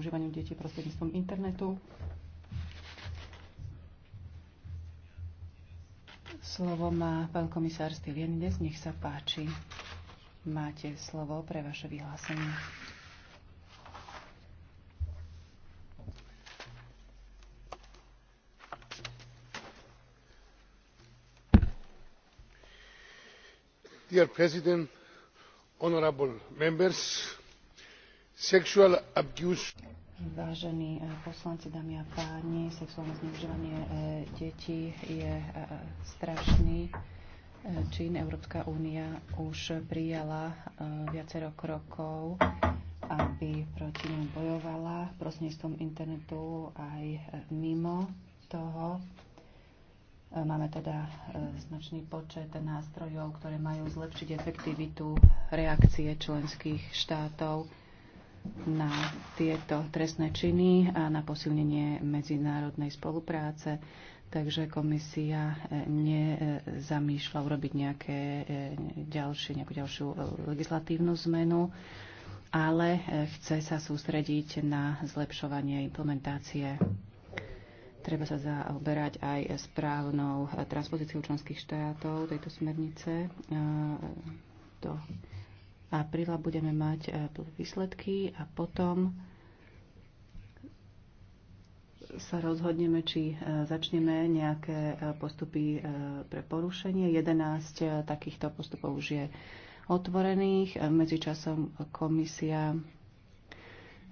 zneužívaniu detí prostredníctvom internetu. Slovo má pán komisár Stylianides. Nech sa páči. Máte slovo pre vaše vyhlásenie. Dear President, honorable members, sexual abuse Vážení eh, poslanci, dámy a páni, sexuálne zneužívanie eh, detí je eh, strašný čin. Európska únia už prijala viacero krokov, aby proti ňom bojovala prostredníctvom internetu aj mimo toho. Máme teda značný počet nástrojov, ktoré majú zlepšiť efektivitu reakcie členských štátov na tieto trestné činy a na posilnenie medzinárodnej spolupráce. Takže komisia e, nezamýšľa urobiť nejaké e, ďalšie, nejakú ďalšiu e, legislatívnu zmenu, ale chce sa sústrediť na zlepšovanie implementácie. Treba sa zaoberať aj správnou transpozíciou členských štátov tejto smernice do apríla budeme mať e, výsledky a potom sa rozhodneme, či e, začneme nejaké e, postupy pre porušenie. 11 takýchto postupov už je otvorených. Medzičasom komisia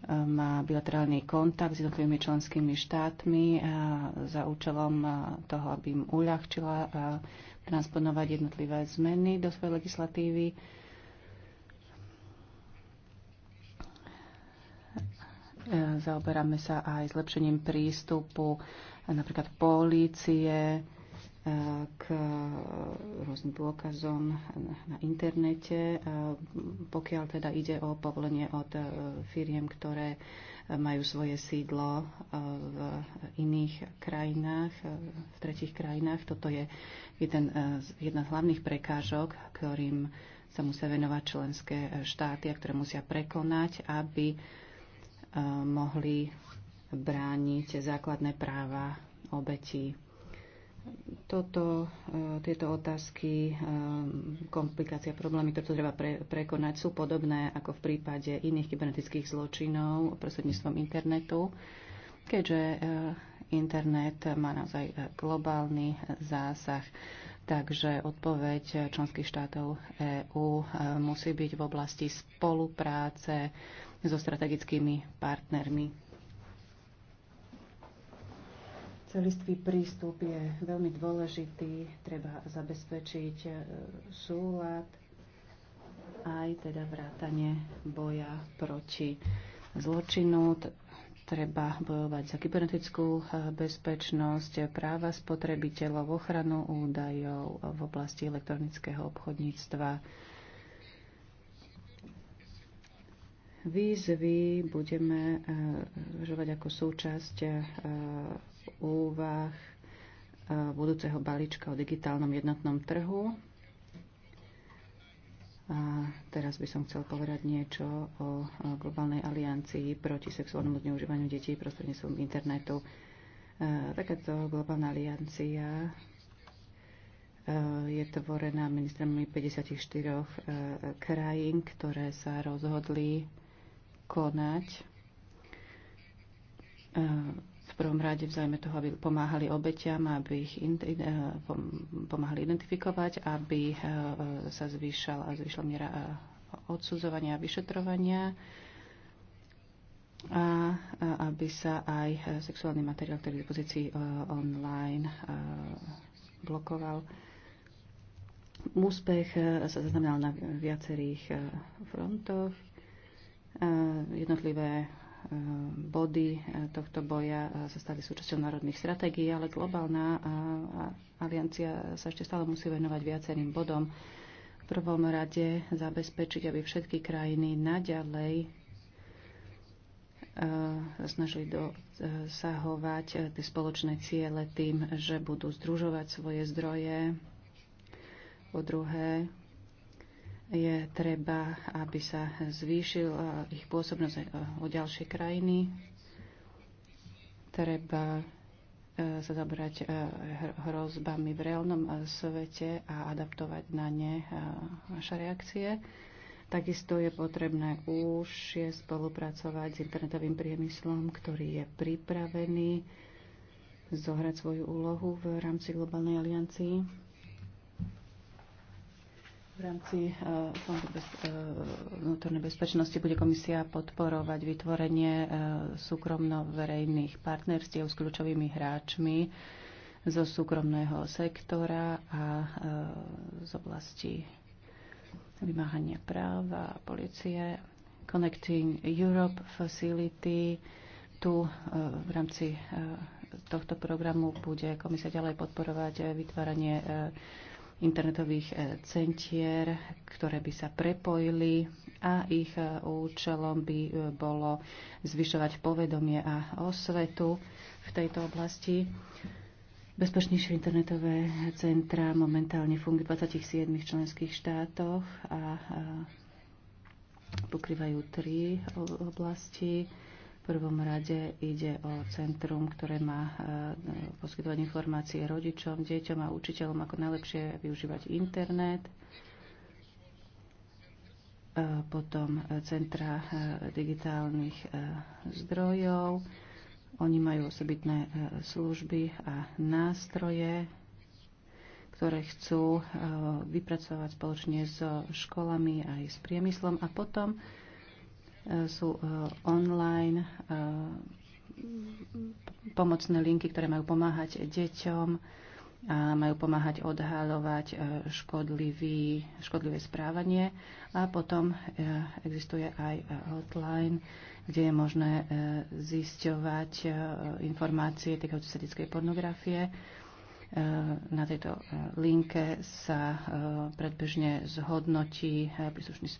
má bilaterálny kontakt s jednotlivými členskými štátmi za účelom toho, aby im uľahčila transponovať jednotlivé zmeny do svojej legislatívy Zaoberáme sa aj zlepšením prístupu napríklad polície e, k rôznym dôkazom na internete, e, pokiaľ teda ide o povolenie od e, firiem, ktoré majú svoje sídlo v iných krajinách, v tretich krajinách. Toto je jeden z, jedna z hlavných prekážok, ktorým sa musia venovať členské štáty a ktoré musia prekonať, aby mohli brániť základné práva obetí. Toto, e, tieto otázky, e, komplikácia, problémy, ktoré to treba pre, prekonať, sú podobné ako v prípade iných kybernetických zločinov prostredníctvom internetu, keďže e, internet má naozaj globálny zásah. Takže odpoveď členských štátov EÚ musí byť v oblasti spolupráce so strategickými partnermi. Celistvý prístup je veľmi dôležitý. Treba zabezpečiť e, súlad aj teda vrátanie boja proti zločinu, treba bojovať za kybernetickú e, bezpečnosť, práva spotrebiteľov, ochranu údajov v oblasti elektronického obchodníctva, výzvy budeme zvažovať eh, ako súčasť eh, úvah eh, budúceho balíčka o digitálnom jednotnom trhu. A teraz by som chcel povedať niečo o globálnej aliancii proti sexuálnemu zneužívaniu detí prostredníctvom internetu. Takáto globálna aliancia je tvorená ministrami 54 krajín, ktoré sa rozhodli konať eh, v prvom rade v zájme toho, aby pomáhali obeťam, aby ich eh, pomáhali identifikovať, aby eh, sa zvýšala, zvýšila miera odsudzovania a vyšetrovania a aby sa aj sexuálny materiál, ktorý je v pozícii online, blokoval. Úspech sa zaznamenal na viacerých frontoch Eh, jednotlivé eh, body eh, tohto boja sa stali súčasťou národných stratégií, ale globálna aliancia sa ešte stále musí venovať viacerým bodom. V prvom rade zabezpečiť, aby všetky krajiny naďalej snažili dosahovať tie spoločné ciele tým, že budú združovať svoje zdroje. Po druhé, je treba, aby sa zvýšil eh, ich pôsobnosť eh, o ďalšie krajiny. Treba eh, sa zabrať hrozbami v reálnom svete a adaptovať na ne naše reakcie. Takisto je potrebné užšie spolupracovať s internetovým priemyslom, ktorý je pripravený zohrať svoju úlohu v rámci globálnej aliancii. V rámci e, Fondu bez, e, vnútornej bezpečnosti bude komisia podporovať vytvorenie e, súkromno-verejných partnerstiev s kľúčovými hráčmi zo súkromného sektora a z oblasti vymáhania práva a policie. Connecting Europe Facility. Tu v rámci tohto programu bude komisia ďalej podporovať vytváranie internetových e, centier, ktoré by sa prepojili a ich e, účelom by e, bolo zvyšovať povedomie a osvetu v tejto oblasti. Bezpečnejšie internetové centra momentálne fungujú v 27 členských štátoch a pokrývajú tri oblasti prvom rade ide o centrum, ktoré má e, poskytovať informácie rodičom, deťom a učiteľom, ako najlepšie využívať internet. E, potom e, centra digitálnych zdrojov. Oni majú osobitné služby a nástroje, ktoré chcú vypracovať spoločne so školami aj s priemyslom. A potom sú e, online e, pomocné linky, ktoré majú pomáhať deťom a majú pomáhať odhalovať e, škodlivý, škodlivé správanie. A potom existuje aj hotline, kde je možné zisťovať informácie týkajúce sa detskej pornografie. Na tejto linke sa predbežne zhodnotí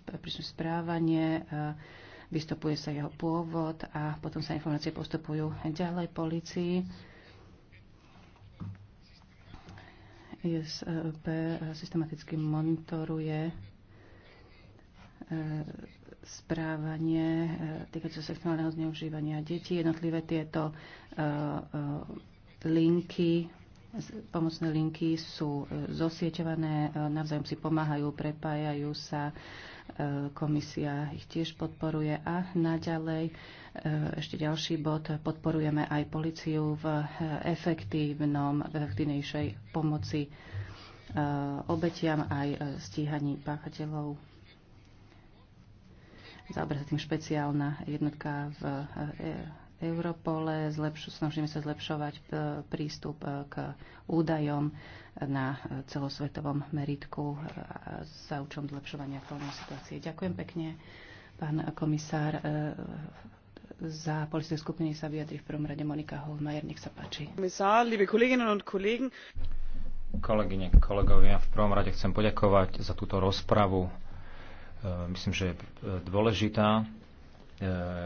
príslušné správanie, vystupuje sa jeho pôvod a potom sa informácie postupujú ďalej policii. ISP systematicky monitoruje e, správanie e, týkajúce sexuálneho zneužívania detí. Jednotlivé tieto e, linky, pomocné linky sú zosieťované, navzájom si pomáhajú, prepájajú sa Komisia ich tiež podporuje a naďalej e, ešte ďalší bod. Podporujeme aj policiu v efektívnom, v efektívnejšej pomoci e, obetiam aj e, stíhaní páchateľov. Zaoberá sa tým špeciálna jednotka v Europole, zlepšu, snažíme sa zlepšovať e, prístup e, k údajom na e, celosvetovom meritku za účom zlepšovania aktuálnej situácie. Ďakujem pekne, pán komisár. Za politické skupiny sa vyjadri v prvom rade Monika Holmajer. Nech sa páči. Komisár, liebe kolegyne und kolegen. Kolegyne, kolegovia, v prvom rade chcem poďakovať za túto rozpravu. Myslím, že je dôležitá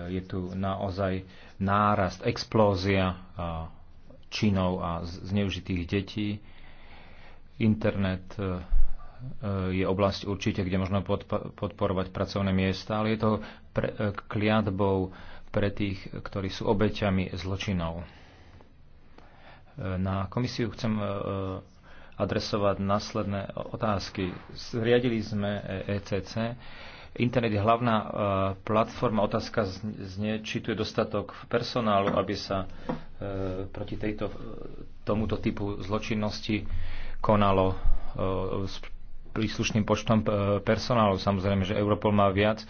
je tu naozaj nárast, explózia činov a zneužitých detí. Internet e, e, je oblasť určite, kde možno podporovať pracovné miesta, ale je to pre, e, kliatbou pre tých, ktorí sú obeťami zločinov. Na komisiu chcem adresovať následné otázky. Zriadili sme ECC, Internet je hlavná e, platforma. Otázka znie, či tu je dostatok personálu, aby sa e, proti tejto, e, tomuto typu zločinnosti konalo s príslušným počtom personálu. Samozrejme, že Europol má viac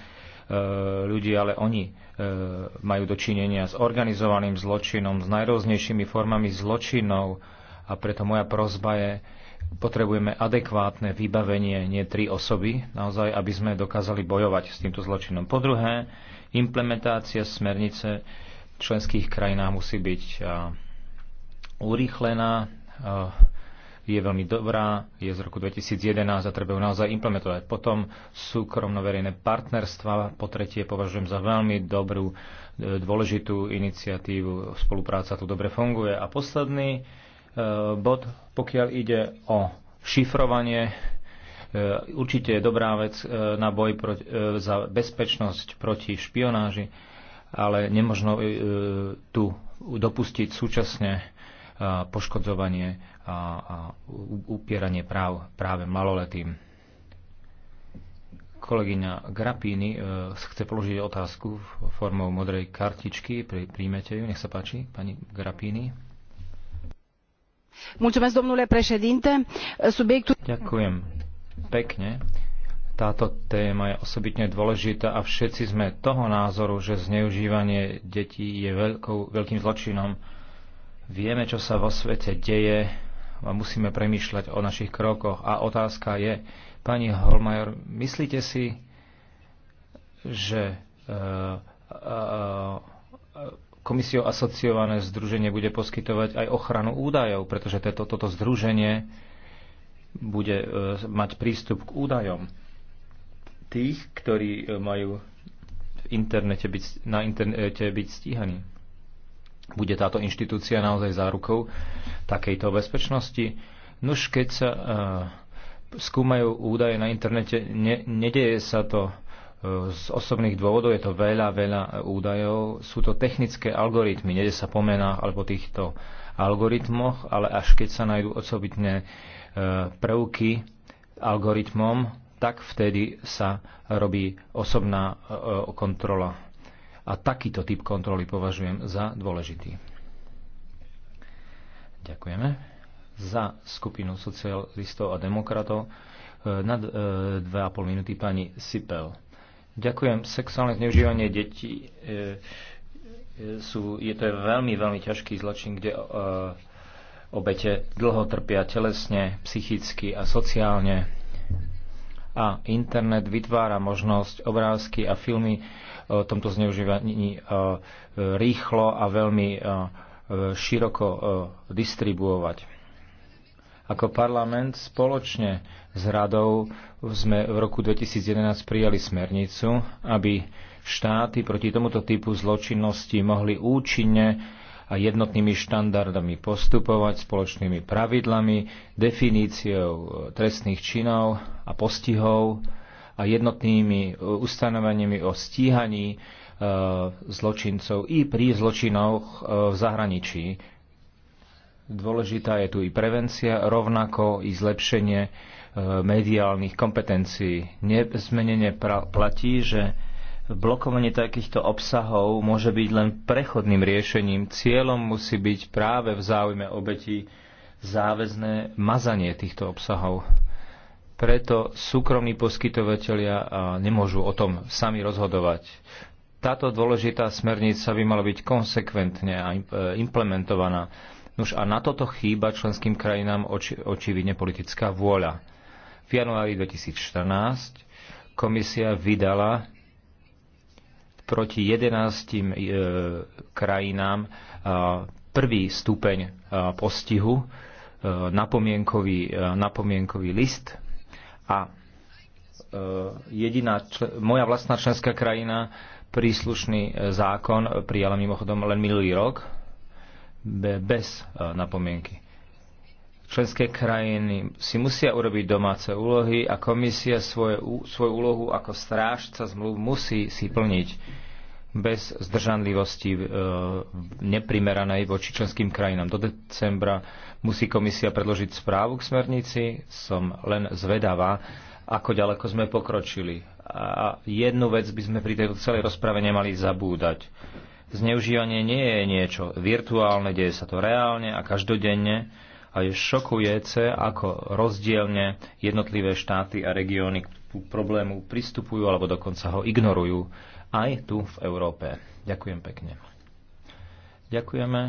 ľudí, ale oni majú dočinenia s organizovaným zločinom, s najrôznejšími formami zločinov a preto moja prozba je, Potrebujeme adekvátne vybavenie, nie tri osoby, naozaj, aby sme dokázali bojovať s týmto zločinom. Po druhé, implementácia smernice v členských krajinách musí byť urýchlená, je veľmi dobrá, je z roku 2011 a treba ju naozaj implementovať. Potom súkromno-verejné partnerstva, po tretie považujem za veľmi dobrú, e, dôležitú iniciatívu, spolupráca tu dobre funguje. A posledný, Eh, bod, pokiaľ ide o šifrovanie. Eh, určite je dobrá vec eh, na boj proti, za bezpečnosť proti špionáži, ale nemožno tu dopustiť súčasne poškodzovanie a, upieranie práv práve maloletým. Kolegyňa Grapíny chce položiť otázku formou modrej kartičky. Príjmete ju, nech sa páči, pani Grapíny domnule președinte subiectul. ďakujem pekne táto téma je osobitne dôležitá a všetci sme toho názoru že zneužívanie detí je veľkou, veľkým zločinom vieme čo sa vo svete deje a musíme premýšľať o našich krokoch a otázka je pani Holmajor myslíte si že Uh, uh, uh, komisiou asociované združenie bude poskytovať aj ochranu údajov, pretože toto, toto združenie bude e, mať prístup k údajom tých, ktorí e, majú v internete byť, na internete byť stíhaní. Bude táto inštitúcia naozaj zárukou takejto bezpečnosti? Nuž, keď sa uh, skúmajú údaje na internete, ne, nedeje sa to E, z osobných dôvodov je to veľa, veľa e, údajov. Sú to technické algoritmy, nede sa po menách alebo týchto algoritmoch, ale až keď sa nájdú osobitné e, prvky algoritmom, tak vtedy sa robí osobná kontrola. A takýto typ kontroly považujem za dôležitý. Ďakujeme. Za skupinu socialistov a demokratov na 2,5 minúty pani Sipel. Ďakujem. Sexuálne zneužívanie detí e, e, sú, je to veľmi, veľmi ťažký zločin, kde e, obete dlho trpia telesne, psychicky a sociálne. A internet vytvára možnosť obrázky a filmy o tomto zneužívaní e, rýchlo a veľmi e, široko distribuovať ako parlament spoločne s radou sme v roku 2011 prijali smernicu, aby štáty proti tomuto typu zločinnosti mohli účinne a jednotnými štandardami postupovať, spoločnými pravidlami, definíciou trestných činov a postihov a jednotnými e, ustanoveniami o stíhaní e, zločincov i pri zločinoch e, v zahraničí. Dôležitá je tu i prevencia, rovnako i zlepšenie e, mediálnych kompetencií. Nezmenenie platí, že blokovanie takýchto obsahov môže byť len prechodným riešením. Cieľom musí byť práve v záujme obetí záväzné mazanie týchto obsahov. Preto súkromní poskytovateľia nemôžu o tom sami rozhodovať. Táto dôležitá smernica by mala byť konsekventne e, implementovaná Nož a na toto chýba členským krajinám oči, očividne politická vôľa. V januári 2014 komisia vydala proti 11 e, krajinám e, prvý stupeň e, postihu, e, napomienkový, e, napomienkový list a e, jediná čl- moja vlastná členská krajina príslušný e, zákon prijala mimochodom len minulý rok bez e, napomienky. Členské krajiny si musia urobiť domáce úlohy a komisia svoje, svoju úlohu ako strážca zmluv musí si plniť bez zdržanlivosti e, neprimeranej voči členským krajinám. Do decembra musí komisia predložiť správu k smernici. Som len zvedavá, ako ďaleko sme pokročili. A jednu vec by sme pri tejto celej rozprave nemali zabúdať Zneužívanie nie je niečo virtuálne, deje sa to reálne a každodenne a je šokujúce, ako rozdielne jednotlivé štáty a regióny k problému pristupujú alebo dokonca ho ignorujú aj tu v Európe. Ďakujem pekne. Ďakujeme.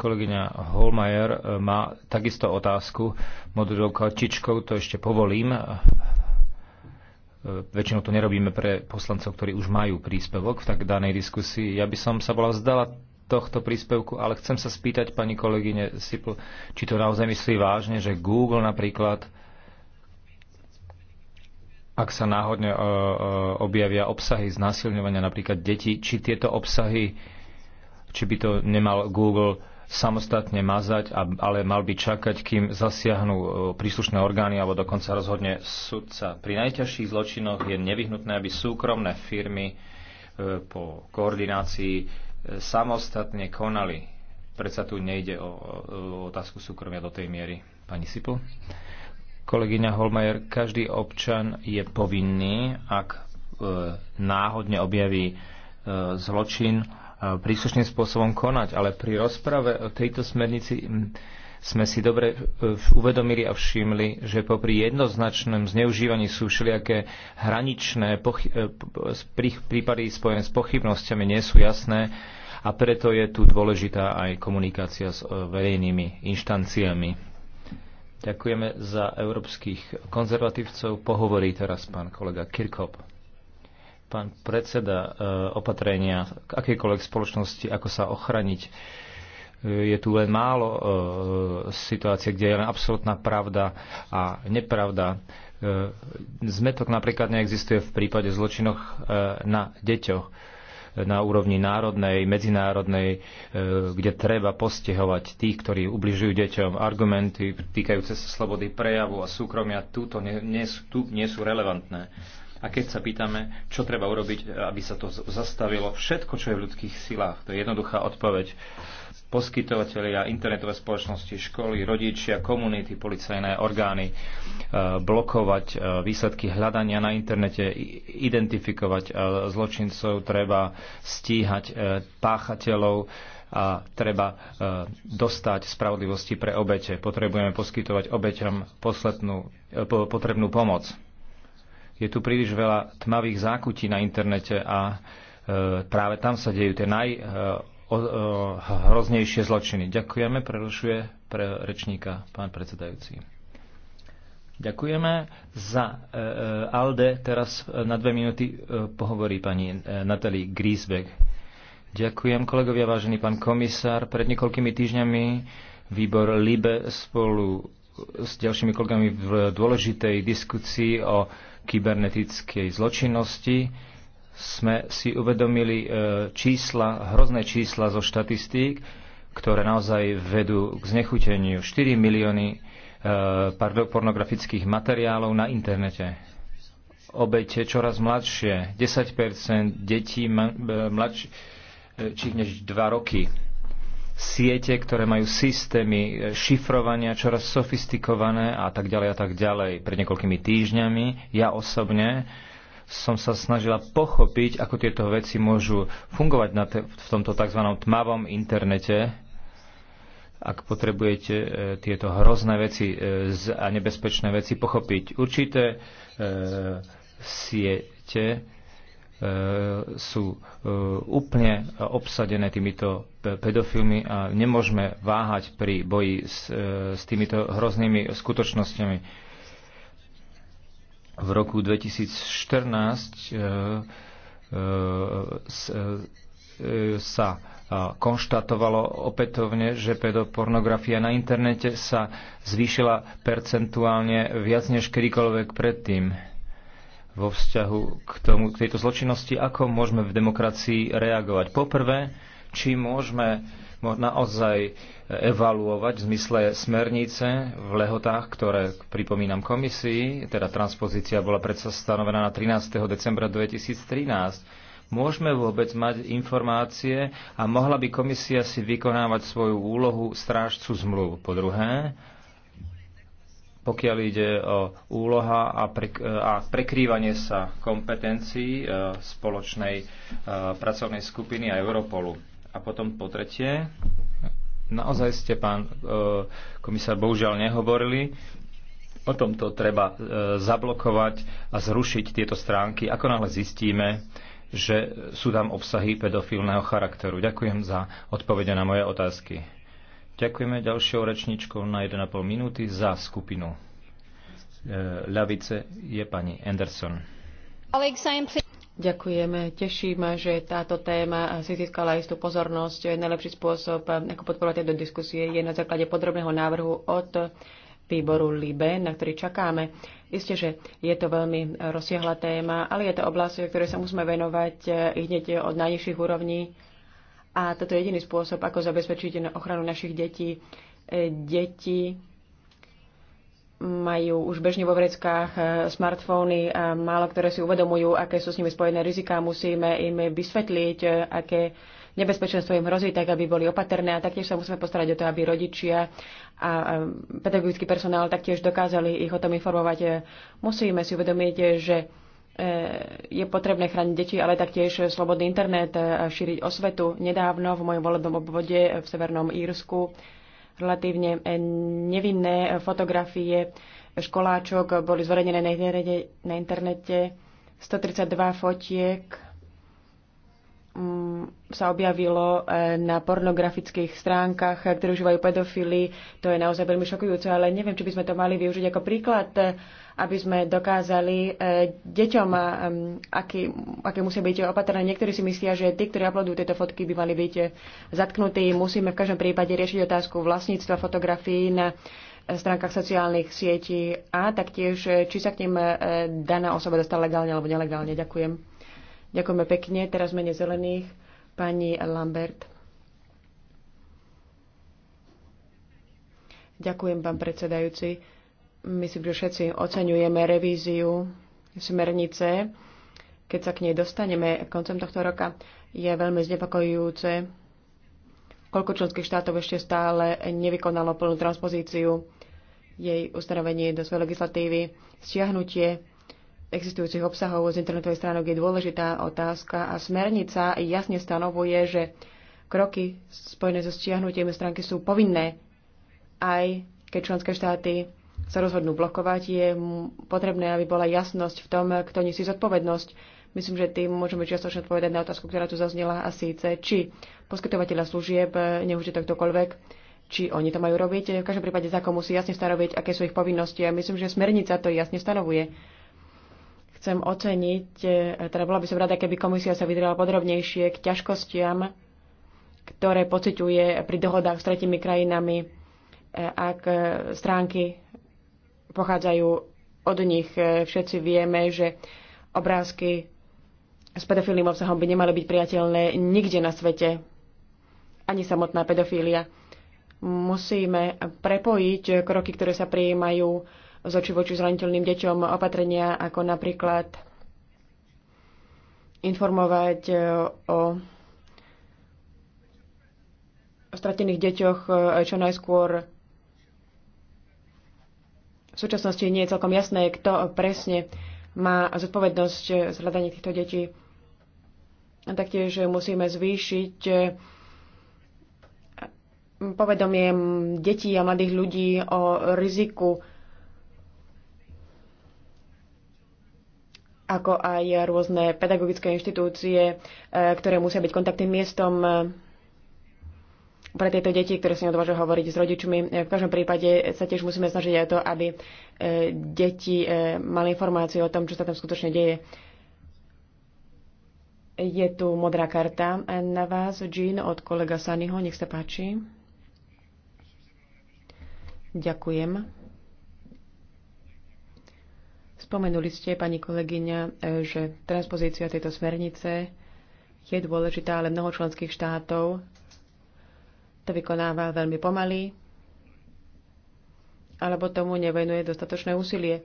Kolegyňa Holmajer e, má takisto otázku modrou kartičkou, to ešte povolím. E, väčšinou to nerobíme pre poslancov, ktorí už majú príspevok v tak danej diskusii. Ja by som sa bola vzdala tohto príspevku, ale chcem sa spýtať pani kolegyne Sipl, či to naozaj myslí vážne, že Google napríklad, ak sa náhodne e, e, objavia obsahy znásilňovania napríklad detí, či tieto obsahy, či by to nemal Google samostatne mazať, ale mal by čakať, kým zasiahnu e, príslušné orgány alebo dokonca rozhodne sudca. Pri najťažších zločinoch je nevyhnutné, aby súkromné firmy e, po koordinácii e, samostatne konali. Predsa tu nejde o, otázku súkromia do tej miery. Pani Sipl? Kolegyňa Holmajer, každý občan je povinný, ak náhodne objaví zločin, príslušným spôsobom konať, ale pri rozprave o tejto smernici sme si dobre e, uvedomili a všimli, že popri jednoznačnom zneužívaní sú všelijaké hraničné e, prípady spojené s pochybnosťami, nie sú jasné a preto je tu dôležitá aj komunikácia s e, verejnými inštanciami. Ďakujeme za európskych konzervatívcov. Pohovorí teraz pán kolega Kirkop pán predseda, e, opatrenia k akejkoľvek spoločnosti, ako sa ochraniť. E, je tu len málo e, situácie, kde je len absolútna pravda a nepravda. Zmetok napríklad neexistuje v prípade zločinoch na deťoch na úrovni národnej, medzinárodnej, kde treba postihovať tých, ktorí ubližujú deťom argumenty týkajúce sa slobody prejavu a súkromia, túto nie, nie, sú, tu nie sú relevantné a keď sa pýtame, čo treba urobiť, aby sa to zastavilo, všetko, čo je v ľudských silách, to je jednoduchá odpoveď. Poskytovateľia, internetové spoločnosti, školy, rodičia, komunity, policajné orgány, e, blokovať e, výsledky hľadania na internete, identifikovať e, zločincov, treba stíhať páchateľov, a treba dostať spravodlivosti pre obete. Potrebujeme poskytovať obeťam poslednú, potrebnú pomoc je tu príliš veľa tmavých zákutí na internete a e, práve tam sa dejú tie najhroznejšie e, e, zločiny. Ďakujeme, prerušuje pre rečníka pán predsedajúci. Ďakujeme. Za ALDE teraz na dve minúty pohovorí pani Natalie Griesbeck. Ďakujem kolegovia, vážený pán komisár. Pred niekoľkými týždňami výbor LIBE spolu s ďalšími kolegami v dôležitej diskusii o kybernetickej zločinnosti sme si uvedomili e, čísla, hrozné čísla zo štatistík, ktoré naozaj vedú k znechuteniu 4 milióny e, pornografických materiálov na internete. Obete čoraz mladšie, 10 detí e, mladších než 2 roky siete, ktoré majú systémy e, šifrovania čoraz sofistikované a tak ďalej a tak ďalej. Pred niekoľkými týždňami ja osobne som sa snažila pochopiť, ako tieto veci môžu fungovať na te, v tomto tzv. tmavom internete. Ak potrebujete e, tieto hrozné veci e, z, a nebezpečné veci pochopiť, určité e, siete E, sú e, úplne obsadené týmito pedofilmi a nemôžeme váhať pri boji s, e, s týmito hroznými skutočnosťami. V roku 2014 sa konštatovalo opätovne, že pedopornografia na internete sa zvýšila percentuálne viac než kedykoľvek predtým vo vzťahu k, tomu, k tejto zločinnosti, ako môžeme v demokracii reagovať. Poprvé, či môžeme naozaj evaluovať v zmysle smernice v lehotách, ktoré pripomínam komisii, teda transpozícia bola predsa stanovená na 13. decembra 2013 môžeme vôbec mať informácie a mohla by komisia si vykonávať svoju úlohu strážcu zmluv. Po druhé, pokiaľ ide o úloha a, pre, e, a prekrývanie sa kompetencií e, spoločnej e, pracovnej skupiny a Europolu. A potom po tretie, naozaj ste, pán komisár, bohužiaľ nehovorili, o tomto treba zablokovať a zrušiť tieto stránky, ako náhle zistíme, že sú tam obsahy pedofilného charakteru. Ďakujem za odpovede na moje otázky. Ďakujeme ďalšou rečničkou na 1,5 minúty za skupinu e, ľavice je pani Anderson. Ďakujeme. Teší ma, že táto téma si získala istú pozornosť. Najlepší spôsob, ako podporovať do diskusie, je na základe podrobného návrhu od výboru LIBE, na ktorý čakáme. Isté, že je to veľmi rozsiahla téma, ale je to oblasť, ktorej sa musíme venovať e, hneď od najnižších úrovní a toto je jediný spôsob, ako zabezpečiť ochranu našich detí. E, deti majú už bežne vo vreckách e, smartfóny a e, málo ktoré si uvedomujú, aké sú s nimi spojené riziká. Musíme im vysvetliť, aké nebezpečenstvo im hrozí, tak aby boli opatrné a taktiež sa musíme postarať o to, aby rodičia a pedagogický personál taktiež dokázali ich o tom informovať. Musíme si uvedomiť, že E, je potrebné chrániť deti, ale taktiež slobodný internet a e, šíriť osvetu. Nedávno v mojom volebnom obvode v Severnom Írsku relatívne e, nevinné fotografie školáčok boli zverejnené na internete. 132 fotiek Mm, sa objavilo e, na pornografických stránkach, e, ktoré užívajú pedofily. To je naozaj veľmi šokujúce, ale neviem, či by sme to mali využiť ako príklad, e, aby sme dokázali deťom, aký, aké musia byť opatrené. Niektorí si myslia, že tí, ktorí uploadujú tieto fotky, by mali byť zatknutí. Musíme v každom prípade riešiť otázku vlastníctva fotografií na stránkach sociálnych sietí a taktiež, či sa k ním daná osoba dostala legálne alebo nelegálne. Ďakujem. Ďakujeme pekne. Teraz mene zelených pani Lambert. Ďakujem, pán predsedajúci. Myslím, že všetci oceňujeme revíziu smernice. Keď sa k nej dostaneme koncem tohto roka, je veľmi znepokojujúce, koľko členských štátov ešte stále nevykonalo plnú transpozíciu jej ustanovenie do svojej legislatívy, stiahnutie existujúcich obsahov z internetovej stránok je dôležitá otázka a smernica jasne stanovuje, že kroky spojené so stiahnutím stránky sú povinné. Aj keď členské štáty sa rozhodnú blokovať, je potrebné, aby bola jasnosť v tom, kto nesie zodpovednosť. Myslím, že tým môžeme čiastočne odpovedať na otázku, ktorá tu zaznela a síce, či poskytovateľa služieb, e, nech to ktokoľvek, či oni to majú robiť. V každom prípade komu musí jasne stanoviť, aké sú ich povinnosti a myslím, že smernica to jasne stanovuje chcem oceniť, e, teda bola by som rada, keby komisia sa vydrela podrobnejšie k ťažkostiam, ktoré pociťuje pri dohodách s tretimi krajinami, e, ak e, stránky pochádzajú od nich. Všetci vieme, že obrázky s pedofilným obsahom by nemali byť priateľné nikde na svete, ani samotná pedofília. Musíme prepojiť kroky, ktoré sa prijímajú z oči voči zraniteľným deťom opatrenia, ako napríklad informovať o e, o stratených deťoch e, čo najskôr v súčasnosti nie je celkom jasné, kto presne má zodpovednosť zhľadanie týchto detí. A taktiež musíme zvýšiť e, povedomie detí a mladých ľudí o riziku ako aj rôzne pedagogické inštitúcie, e, ktoré musia byť kontaktným miestom e, pre tieto deti, ktoré si neodvážia hovoriť s rodičmi. E, v každom prípade sa tiež musíme snažiť aj to, aby deti mali informáciu o tom, čo sa tam skutočne deje. Je tu modrá karta na vás, Jean, od kolega Saniho. Nech sa páči. Ďakujem. Spomenuli ste, pani kolegyňa, e, že transpozícia tejto smernice je dôležitá, ale mnoho členských štátov to vykonáva veľmi pomaly alebo tomu nevenuje dostatočné úsilie.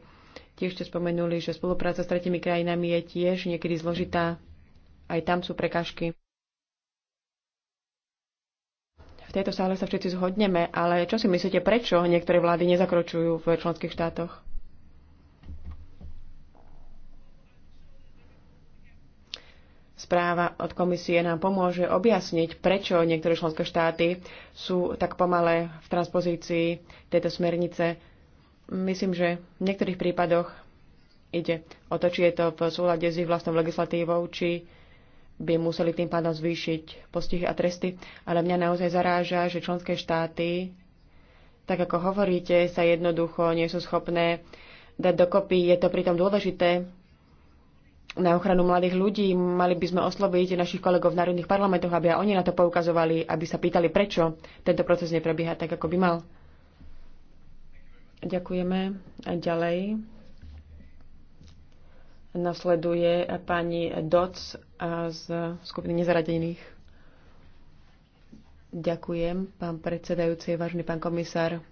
Tiež ste spomenuli, že spolupráca s tretimi krajinami je tiež niekedy zložitá. Aj tam sú prekažky. V tejto sále sa všetci zhodneme, ale čo si myslíte, prečo niektoré vlády nezakročujú v členských štátoch? správa od komisie nám pomôže objasniť, prečo niektoré členské štáty sú tak pomalé v transpozícii tejto smernice. Myslím, že v niektorých prípadoch ide o to, či je to v súlade s ich vlastnou legislatívou, či by museli tým pádom zvýšiť postihy a tresty. Ale mňa naozaj zaráža, že členské štáty, tak ako hovoríte, sa jednoducho nie sú schopné dať dokopy. Je to pritom dôležité na ochranu mladých ľudí. Mali by sme osloviť našich kolegov v národných parlamentoch, aby oni na to poukazovali, aby sa pýtali, prečo tento proces neprebieha tak, ako by mal. Ďakujeme. A ďalej nasleduje pani Doc z skupiny nezaradených. Ďakujem, pán predsedajúci, vážny pán komisár.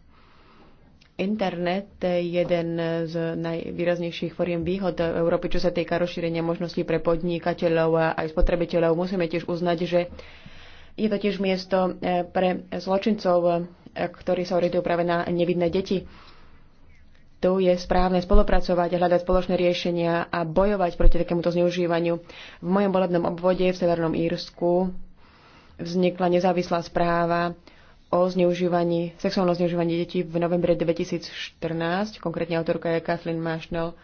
Internet je jeden z najvýraznejších foriem výhod Európy, čo sa týka rozšírenia možností pre podnikateľov a aj spotrebiteľov. Musíme tiež uznať, že je to tiež miesto eh, pre zločincov, eh, ktorí sa orientujú práve na nevidné deti. Tu je správne spolupracovať a hľadať spoločné riešenia a bojovať proti takémuto zneužívaniu. V mojom volebnom obvode v Severnom Írsku vznikla nezávislá správa o zneužívaní, sexuálnom zneužívaní detí v novembre 2014, konkrétne autorka je Kathleen Marshall.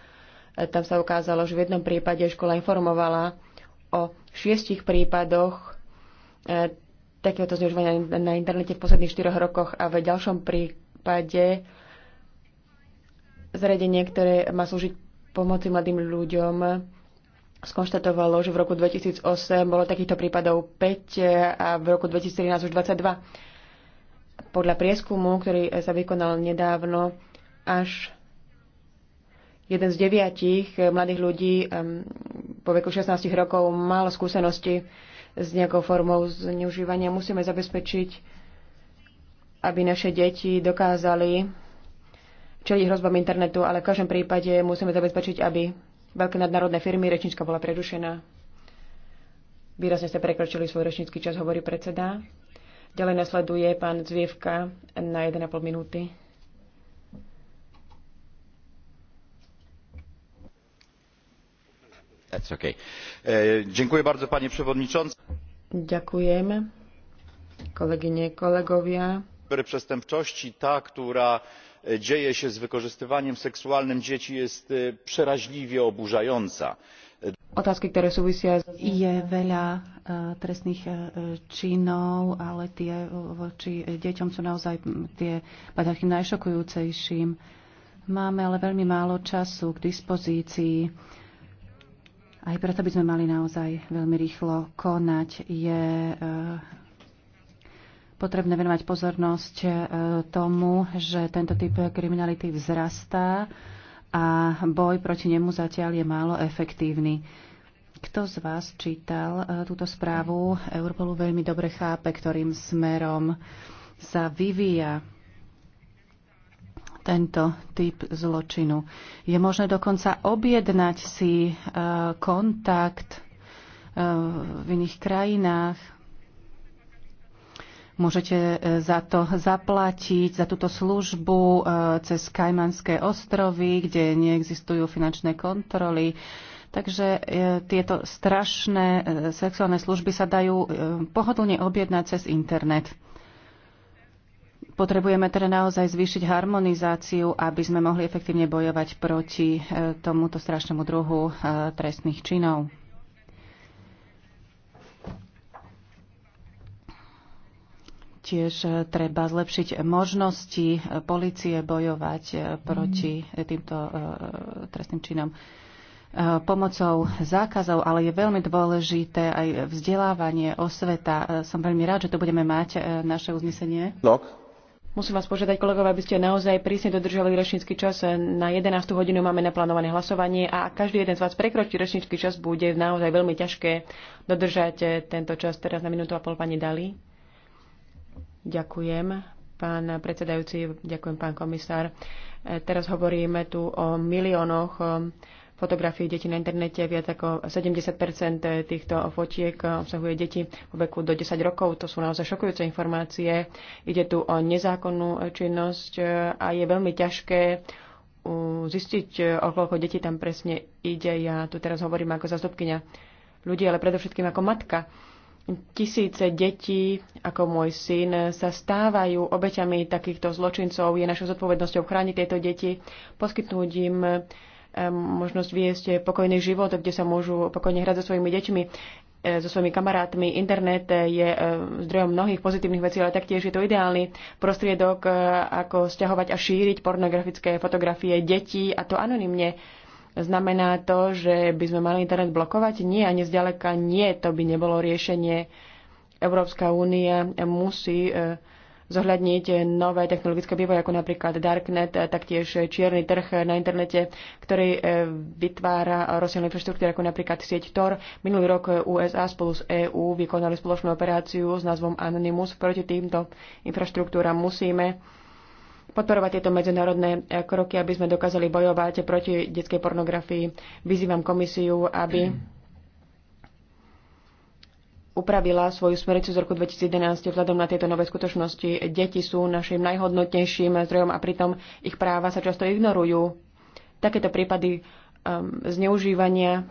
E, tam sa ukázalo, že v jednom prípade škola informovala o šiestich prípadoch e, takéhoto zneužívania na internete v posledných štyroch rokoch a v ďalšom prípade zariadenie, ktoré má slúžiť pomoci mladým ľuďom, skonštatovalo, že v roku 2008 bolo takýchto prípadov 5 a v roku 2013 už 22. Podľa prieskumu, ktorý eh, sa vykonal nedávno, až jeden z deviatich eh, mladých ľudí eh, po veku 16 rokov mal skúsenosti s nejakou formou zneužívania. Musíme zabezpečiť, aby naše deti dokázali čeliť hrozbom internetu, ale v každom prípade musíme zabezpečiť, aby veľké nadnárodné firmy, rečnička bola prerušená. Výrazne ste prekročili svoj rečnícky čas, hovorí predseda. Ďalej nasleduje pán Zvievka na 1,5 minúty. That's okay. E, dziękuję bardzo, panie przewodniczący. Ďakujem. Kolegyne, kolegovia. Przestępczości, ta, ktorá e, dzieje się z wykorzystywaniem seksualnym dzieci, jest e, przeraźliwie oburzająca otázky, ktoré súvisia s... Je veľa e, trestných e, činov, ale tie voči deťom sú naozaj tie padáky najšokujúcejším. Máme ale veľmi málo času k dispozícii. Aj preto by sme mali naozaj veľmi rýchlo konať. Je e, potrebné venovať pozornosť tomu, že tento typ kriminality vzrastá a boj proti nemu zatiaľ je málo efektívny. Kto z vás čítal e, túto správu? Europolu veľmi dobre chápe, ktorým smerom sa vyvíja tento typ zločinu. Je možné dokonca objednať si e, kontakt e, v iných krajinách Môžete e, za to zaplatiť, za túto službu e, cez Kajmanské ostrovy, kde neexistujú finančné kontroly. Takže e, tieto strašné sexuálne služby sa dajú pohodlne objednať cez internet. Potrebujeme teda naozaj zvýšiť harmonizáciu, aby sme mohli efektívne bojovať proti tomuto strašnému druhu trestných činov. Tiež e, treba zlepšiť možnosti e, policie bojovať e, proti mhm. týmto trestným činom pomocou zákazov, ale je veľmi dôležité aj vzdelávanie, osveta. Som veľmi rád, že tu budeme mať naše uznesenie. Lok. Musím vás požiadať, kolegov, aby ste naozaj prísne dodržali rečnícky čas. Na 11. hodinu máme naplánované hlasovanie a každý jeden z vás prekročí rečnícky čas, bude naozaj veľmi ťažké dodržať tento čas. Teraz na minútu a pol pani Dali. Ďakujem, pán predsedajúci, ďakujem, pán komisár. E, teraz hovoríme tu o miliónoch e, fotografií detí na internete. Viac ako 70 týchto fotiek obsahuje deti v veku do 10 rokov. To sú naozaj šokujúce informácie. Ide tu o nezákonnú činnosť e, a je veľmi ťažké zistiť, o koľko detí tam presne ide. Ja tu teraz hovorím ako zastupkynia ľudí, ale predovšetkým ako matka Tisíce detí, ako môj syn, sa stávajú obeťami takýchto zločincov. Je našou zodpovednosťou chrániť tieto deti, poskytnúť im e, možnosť viesť pokojný život, kde sa môžu pokojne hrať so svojimi deťmi, e, so svojimi kamarátmi. Internet je e, zdrojom mnohých pozitívnych vecí, ale taktiež je to ideálny prostriedok, ako stiahovať a šíriť pornografické fotografie detí, a to anonymne Znamená to, že by sme mali internet blokovať? Nie, ani zďaleka nie, to by nebolo riešenie. Európska únia musí e, zohľadniť nové technologické vývoje, ako napríklad Darknet, taktiež čierny trh na internete, ktorý e, vytvára rozsiaľné infraštruktúry, ako napríklad sieť Tor. Minulý rok USA spolu s EÚ vykonali spoločnú operáciu s názvom Anonymous. Proti týmto infraštruktúram musíme podporovať tieto medzinárodné e, kroky, aby sme dokázali bojovať proti detskej pornografii. Vyzývam komisiu, aby upravila svoju smernicu z roku 2011 vzhľadom na tieto nové skutočnosti. Deti sú našim najhodnotnejším zdrojom a pritom ich práva sa často ignorujú. Takéto prípady um, zneužívania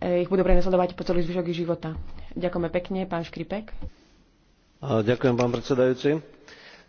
e, ich budú prenasledovať po celý zvyšok života. Ďakujeme pekne, pán Škripek. ďakujem, pán predsedajúci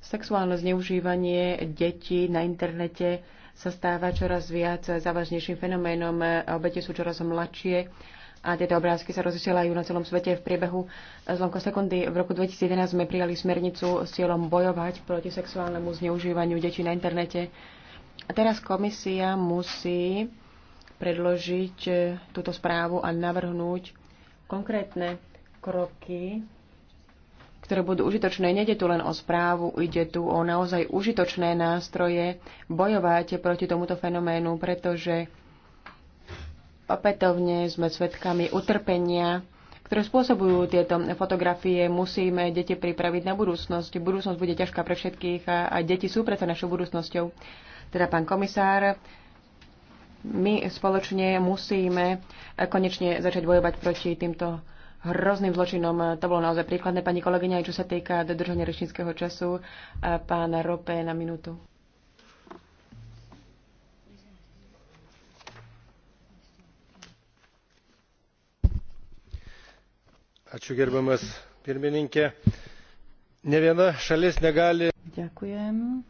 Sexuálne zneužívanie detí na internete sa stáva čoraz viac závažnejším fenoménom. Obete sú čoraz mladšie a tieto obrázky sa rozsielajú na celom svete v priebehu zlomko sekundy. V roku 2011 sme prijali smernicu s cieľom bojovať proti sexuálnemu zneužívaniu detí na internete. A teraz komisia musí predložiť túto správu a navrhnúť konkrétne kroky ktoré budú užitočné. Nede tu len o správu, ide tu o naozaj užitočné nástroje bojovať proti tomuto fenoménu, pretože opätovne sme svedkami utrpenia, ktoré spôsobujú tieto fotografie. Musíme deti pripraviť na budúcnosť. Budúcnosť bude ťažká pre všetkých a, a deti sú preto našou budúcnosťou. Teda pán komisár, my spoločne musíme konečne začať bojovať proti týmto hrozným zločinom. To bolo naozaj príkladné, pani kolegyňa, aj čo sa týka dodržania rečníckého času. Pán Rope na minútu. Ačiū gerbiamas pirmininkė. Ne viena šalis negali. Ďakujem.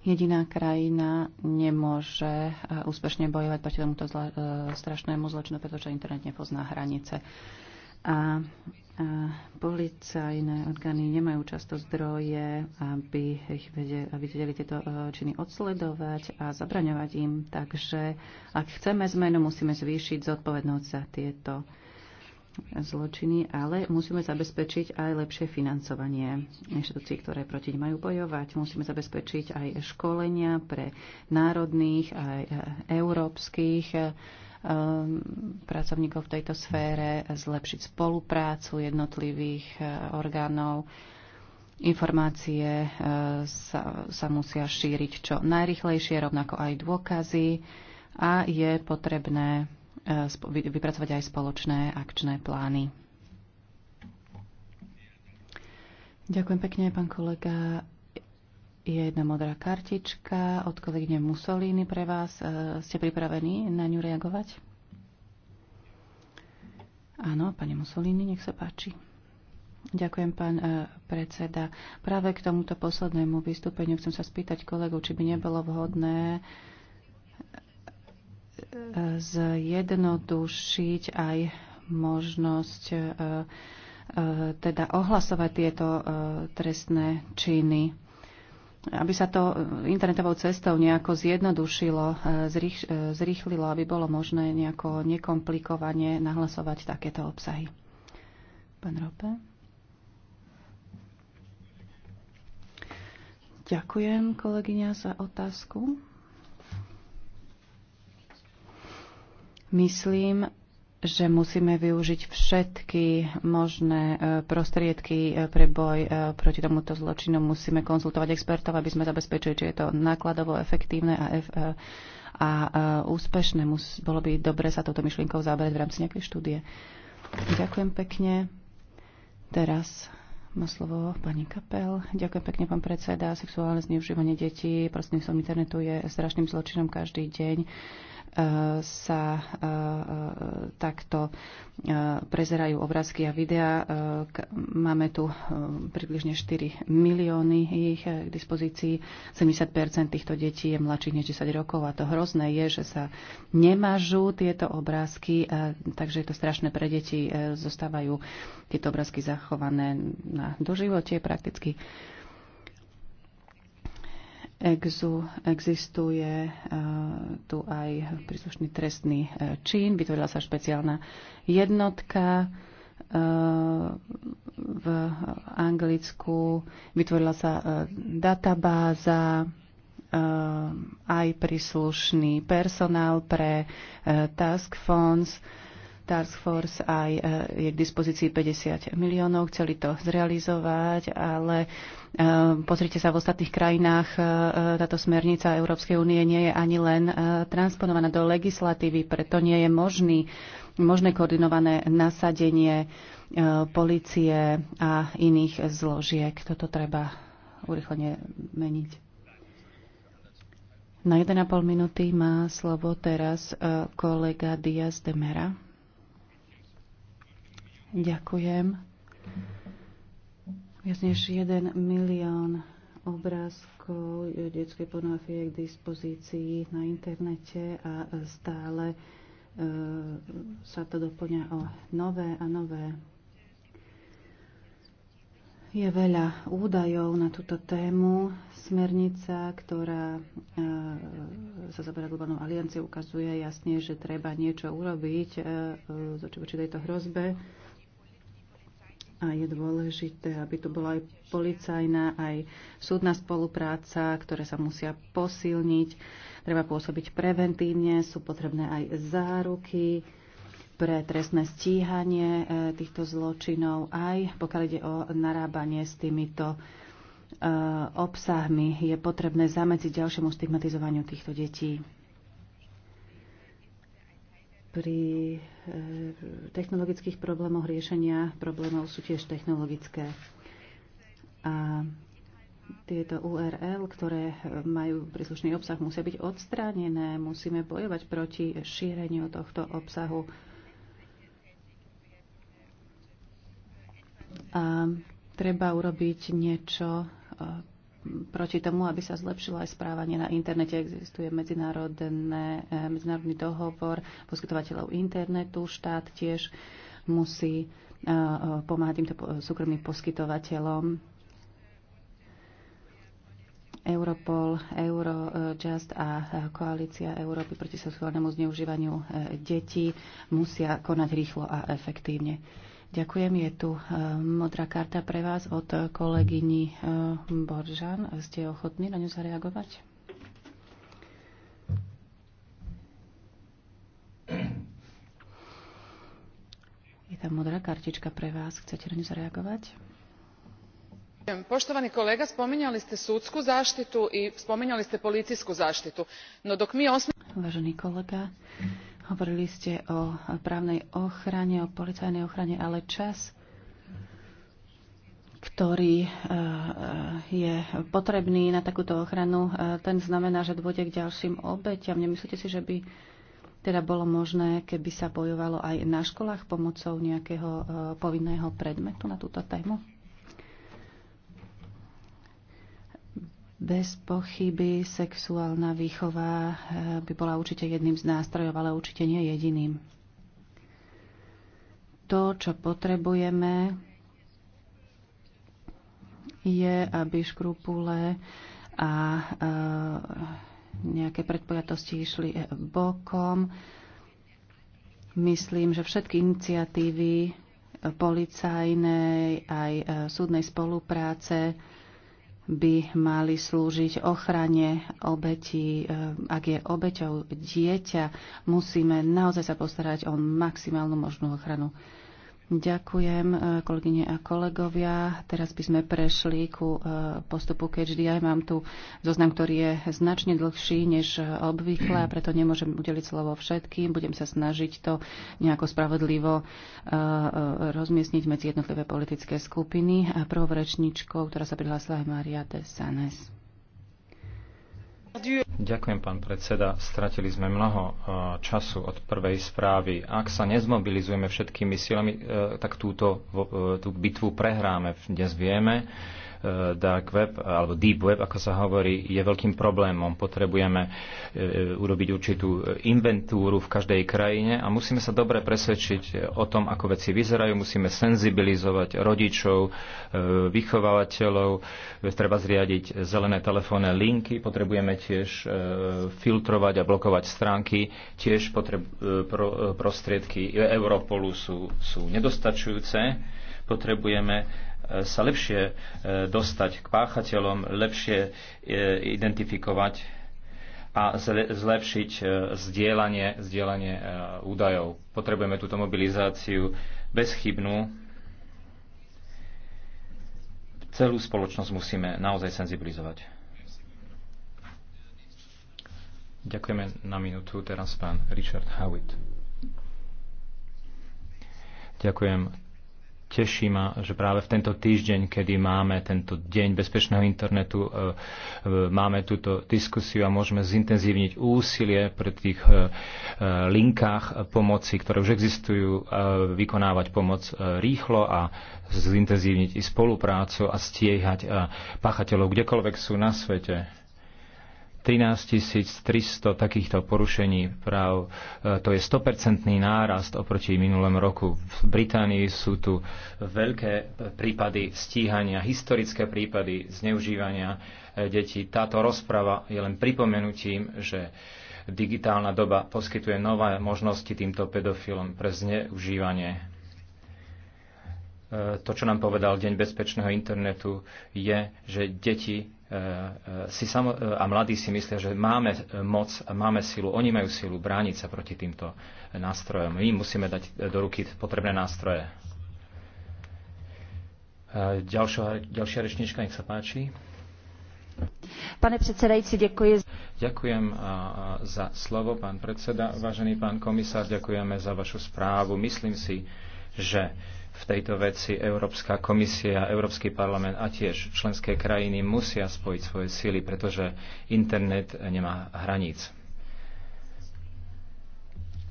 Jediná krajina nemôže e, úspešne bojovať proti tomuto zla, e, strašnému zločinu, pretože internet nepozná hranice. A, a policajné orgány nemajú často zdroje, aby, ich vedeli, aby vedeli tieto e, činy odsledovať a zabraňovať im. Takže ak chceme zmenu, musíme zvýšiť zodpovednosť za tieto zločiny, ale musíme zabezpečiť aj lepšie financovanie inštitúcií, ktoré proti majú bojovať. Musíme zabezpečiť aj školenia pre národných, aj e, európskych e, pracovníkov v tejto sfére, zlepšiť spoluprácu jednotlivých e, orgánov. Informácie sa, sa musia šíriť čo najrychlejšie, rovnako aj dôkazy a je potrebné E, vypracovať aj spoločné akčné plány. Ďakujem pekne, pán kolega. Je jedna modrá kartička od kolegyne Mussolini pre vás. E, ste pripravení na ňu reagovať? Áno, pani Mussolini, nech sa páči. Ďakujem, pán e, predseda. Práve k tomuto poslednému vystúpeniu chcem sa spýtať kolegov, či by nebolo vhodné zjednodušiť aj možnosť e, e, teda ohlasovať tieto e, trestné činy. Aby sa to internetovou cestou nejako zjednodušilo, zrýchlilo, aby bolo možné nejako nekomplikovane nahlasovať takéto obsahy. Pán Rope. Ďakujem, kolegyňa, za otázku. Myslím, že musíme využiť všetky možné e, prostriedky e, pre boj e, proti tomuto zločinu. Musíme konzultovať expertov, aby sme zabezpečili, či je to nákladovo efektívne a, ef- a úspešné. Mus- bolo by dobre sa touto myšlienkou zabrať v rámci nejakej štúdie. Ďakujem pekne. Teraz má slovo pani Kapel. Ďakujem pekne, pán predseda. Sexuálne zneužívanie detí prostredníctvom internetu je strašným zločinom každý deň sa e, e, takto e, prezerajú obrázky a videá. Máme tu približne 4 milióny ich k dispozícii. 70 týchto detí je mladších než 10 rokov a to hrozné je, že sa nemažú tieto obrázky, takže je to strašné pre deti. Zostávajú tieto obrázky zachované na doživote prakticky. EXU existuje e, tu aj príslušný trestný e, čin. Vytvorila sa špeciálna jednotka e, v Anglicku. Vytvorila sa databáza aj príslušný personál pre task funds Task Force aj e, je k dispozícii 50 miliónov, chceli to zrealizovať, ale e, pozrite sa, v ostatných krajinách e, táto smernica Európskej únie nie je ani len transponovaná do legislatívy, preto nie je možný, možné koordinované nasadenie policie a iných zložiek. Toto treba urychlene meniť. Na 1,5 minúty má slovo teraz kolega Diaz de Mera. Ďakujem. Viac než jeden milión obrázkov detskej pornografie je k dispozícii na internete a stále e, sa to doplňa o nové a nové. Je veľa údajov na túto tému. Smernica, ktorá e, sa zaberá globálnou alianciou, ukazuje jasne, že treba niečo urobiť e, voči tejto hrozbe a je dôležité, aby tu bola aj policajná, aj súdna spolupráca, ktoré sa musia posilniť. Treba pôsobiť preventívne, sú potrebné aj záruky pre trestné stíhanie e, týchto zločinov, aj pokiaľ ide o narábanie s týmito e, obsahmi, je potrebné zamedziť ďalšiemu stigmatizovaniu týchto detí pri eh, technologických problémoch riešenia problémov sú tiež technologické. A tieto URL, ktoré majú príslušný obsah, musia byť odstránené. Musíme bojovať proti šíreniu tohto obsahu. A treba urobiť niečo eh, proti tomu, aby sa zlepšilo aj správanie na internete. Existuje eh, medzinárodný dohovor poskytovateľov internetu, štát tiež musí eh, eh, pomáhať týmto súkromným poskytovateľom. Europol, Eurojust a Koalícia Európy proti sexuálnemu zneužívaniu detí musia konať rýchlo a efektívne. Ďakujem. Je tu e, modrá karta pre vás od kolegyni e, Boržan. Ste ochotní na ňu zareagovať? Je tam modrá kartička pre vás. Chcete na ňu zareagovať? poštovani kolega spomínali ste súdskú zaštitu i spomínali ste policijskú záštitu. no dok mi osmi... Hovorili ste o právnej ochrane, o policajnej ochrane, ale čas, ktorý e, e, je potrebný na takúto ochranu, e, ten znamená, že dôjde k ďalším obeťam. Nemyslíte si, že by teda bolo možné, keby sa bojovalo aj na školách pomocou nejakého povinného predmetu na túto tému? Bez pochyby sexuálna výchova eh, by bola určite jedným z nástrojov, ale určite nie jediným. To, čo potrebujeme, je, aby škrupule a eh, nejaké predpojatosti išli eh, bokom. Myslím, že všetky iniciatívy policajnej aj súdnej spolupráce by mali slúžiť ochrane obetí. E, ak je obeťou dieťa, musíme naozaj sa postarať o maximálnu možnú ochranu. Ďakujem, e, kolegyne a kolegovia. Teraz by sme prešli ku e, postupu KHDI. Mám tu zoznam, ktorý je značne dlhší než obvykle, a preto nemôžem udeliť slovo všetkým. Budem sa snažiť to nejako spravodlivo e, rozmiestniť medzi jednotlivé politické skupiny. A prvou rečničkou, ktorá sa prihlásila, je Maria de Sanes. Ďakujem, pán predseda. Stratili sme mnoho e, času od prvej správy. Ak sa nezmobilizujeme všetkými silami, e, tak túto e, tú bitvu prehráme. Dnes vieme, E, dark web alebo deep web, ako sa hovorí, je veľkým problémom. Potrebujeme e, urobiť určitú inventúru v každej krajine a musíme sa dobre presvedčiť e, o tom, ako veci vyzerajú. Musíme senzibilizovať rodičov, vychovávateľov, treba zriadiť zelené telefónne linky, potrebujeme tiež filtrovať a blokovať stránky, tiež potreb, pro, prostriedky Europolu sú, sú nedostačujúce, potrebujeme sa lepšie e, dostať k páchateľom, lepšie e, identifikovať a zlepšiť e, zdieľanie, zdieľanie údajov. Potrebujeme túto mobilizáciu bezchybnú. Celú spoločnosť musíme naozaj senzibilizovať. Ďakujeme na minútu. Teraz pán Richard Howitt. Ďakujem teší ma, že práve v tento týždeň, kedy máme tento deň bezpečného internetu, e, e, máme túto diskusiu a môžeme zintenzívniť úsilie pre tých e, linkách pomoci, ktoré už existujú, vykonávať pomoc rýchlo a zintenzívniť i spoluprácu a stiehať pachateľov kdekoľvek sú na svete 13 300 takýchto porušení práv. E, to je 100% nárast oproti minulému roku. V Británii sú tu veľké prípady stíhania, historické prípady zneužívania e, detí. Táto rozprava je len pripomenutím, že digitálna doba poskytuje nové možnosti týmto pedofilom pre zneužívanie E, to, čo nám povedal Deň bezpečného internetu, je, že deti e, e, si samo, a mladí si myslia, že máme moc a máme silu. Oni majú silu brániť sa proti týmto nástrojom. My musíme dať do ruky potrebné nástroje. Ďalšia, ďalšia rečnička, nech sa páči. Pane predsedajúci, ďakujem. Ďakujem za slovo, pán predseda. Vážený pán komisár, ďakujeme za vašu správu. Myslím si, že v tejto veci Európska komisia, Európsky parlament a tiež členské krajiny musia spojiť svoje sily, pretože internet nemá hraníc.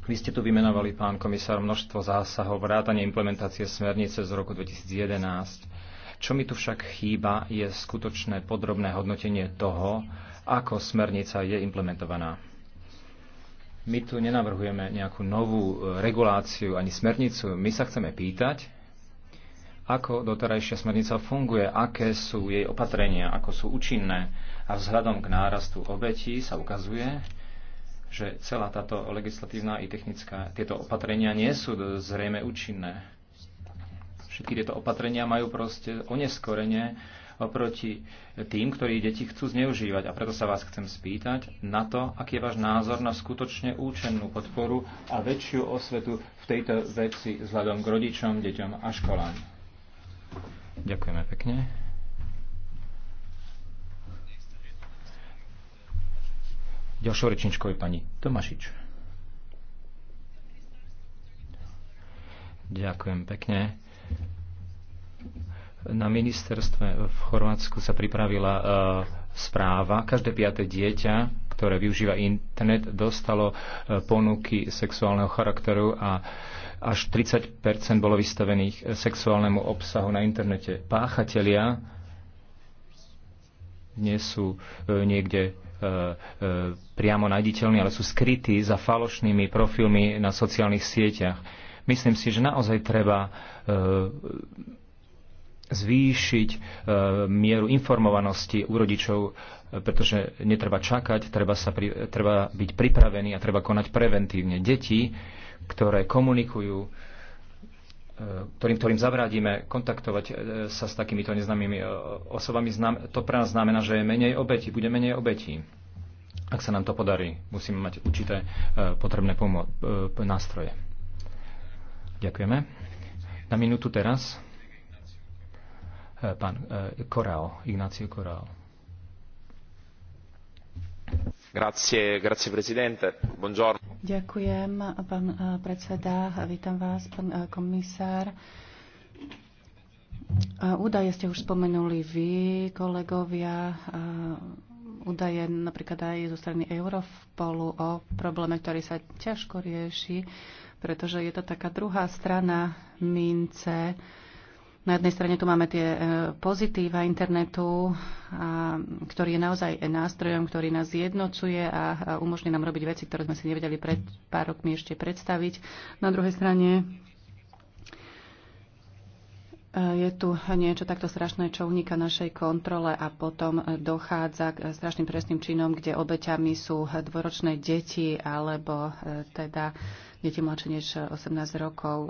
Vy ste tu vymenovali, pán komisár, množstvo zásahov, vrátanie implementácie smernice z roku 2011. Čo mi tu však chýba, je skutočné podrobné hodnotenie toho, ako smernica je implementovaná. My tu nenavrhujeme nejakú novú e, reguláciu ani smernicu. My sa chceme pýtať, ako doterajšia smernica funguje, aké sú jej opatrenia, ako sú účinné. A vzhľadom k nárastu obetí sa ukazuje, že celá táto legislatívna i technická, tieto opatrenia nie sú zrejme účinné. Všetky tieto opatrenia majú proste oneskorenie oproti tým, ktorí deti chcú zneužívať. A preto sa vás chcem spýtať na to, aký je váš názor na skutočne účennú podporu a väčšiu osvetu v tejto veci vzhľadom k rodičom, deťom a školám. Ďakujeme pekne. Ďalšou rečničkou je pani Tomašič. Ďakujem pekne. Na ministerstve v Chorvátsku sa pripravila e, správa. Každé piaté dieťa, ktoré využíva internet, dostalo e, ponuky sexuálneho charakteru a až 30 bolo vystavených e, sexuálnemu obsahu na internete. Páchatelia nie sú niekde priamo nájditeľní, ale sú skrytí za falošnými profilmi na sociálnych sieťach. Myslím si, že naozaj treba zvýšiť e, mieru informovanosti u rodičov, e, pretože netreba čakať, treba, sa pri, treba byť pripravený a treba konať preventívne. Deti, ktoré komunikujú, e, ktorým, ktorým zabrádime kontaktovať sa s takýmito neznámymi osobami, to pre nás znamená, že je menej obetí, bude menej obetí. Ak sa nám to podarí, musíme mať určité potrebné nástroje. Ďakujeme. Na minútu teraz Eh, pán eh, Korál, Ignácio Korál. Grazie, grazie presidente. Buongiorno. Ďakujem, pán eh, predseda. Vítam vás, pán komisár. Údaje ste už spomenuli vy, kolegovia. Údaje napríklad aj zo strany Europolu o probléme, ktorý sa ťažko rieši, pretože je to taká druhá strana mince na jednej strane tu máme tie e, pozitíva internetu, a, ktorý je naozaj nástrojom, ktorý nás zjednocuje a, a umožní nám robiť veci, ktoré sme si nevedeli pred pár rokmi ešte predstaviť. Na druhej strane e, je tu niečo takto strašné, čo uniká našej kontrole a potom dochádza k strašným trestným činom, kde obeťami sú dvoročné deti alebo e, teda deti mladšie než 18 rokov.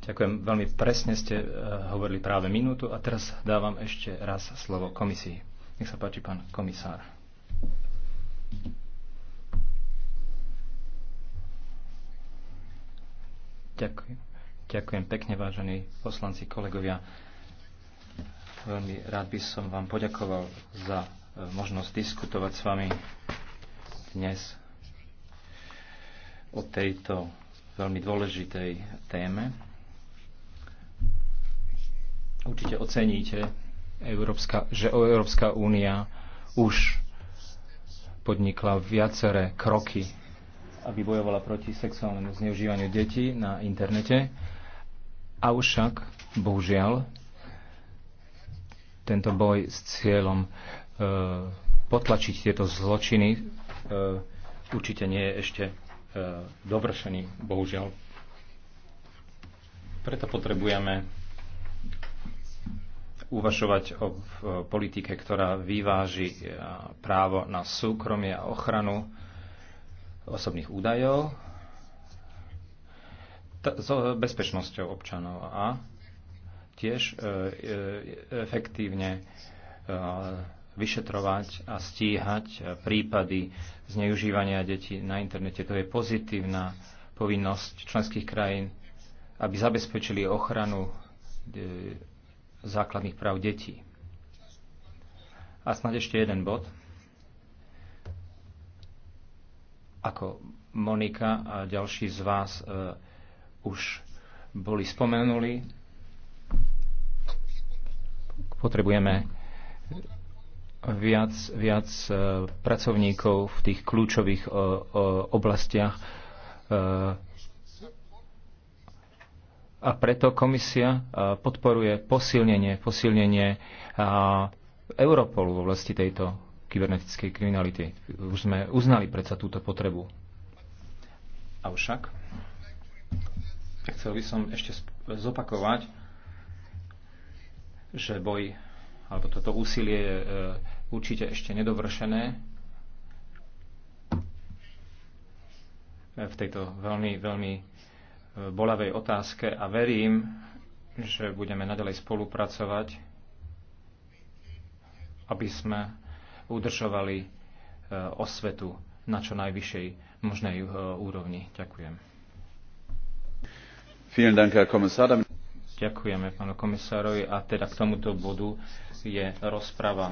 Ďakujem, veľmi presne ste eh, hovorili práve minútu a teraz dávam ešte raz slovo komisii. Nech sa páči, pán komisár. Ďakujem. Ďakujem pekne, vážení poslanci, kolegovia. Veľmi rád by som vám poďakoval za eh, možnosť diskutovať s vami dnes o tejto veľmi dôležitej téme Určite oceníte, Európska, že Európska únia už podnikla viaceré kroky, aby bojovala proti sexuálnemu zneužívaniu detí na internete. Avšak, bohužiaľ, tento boj s cieľom e, potlačiť tieto zločiny e, určite nie je ešte e, dovršený, bohužiaľ. Preto potrebujeme uvažovať o e, politike, ktorá vyváži e, právo na súkromie a ochranu osobných údajov s e, bezpečnosťou občanov a tiež efektívne vyšetrovať a stíhať prípady zneužívania detí na internete. To je pozitívna povinnosť členských krajín, aby zabezpečili ochranu základných práv detí. A snad ešte jeden bod. Ako Monika a ďalší z vás e, už boli spomenuli, potrebujeme viac, viac e, pracovníkov v tých kľúčových oblastiach e, a preto komisia podporuje posilnenie, posilnenie Europolu v oblasti tejto kybernetickej kriminality. Už sme uznali predsa túto potrebu. Avšak chcel by som ešte zopakovať, že boj alebo toto úsilie je e, určite ešte nedovršené e, v tejto veľmi, veľmi bolavej otázke a verím, že budeme naďalej spolupracovať, aby sme udržovali e, osvetu na čo najvyššej možnej e, úrovni. Ďakujem. Ďakujeme pánu komisárovi a teda k tomuto bodu je rozprava.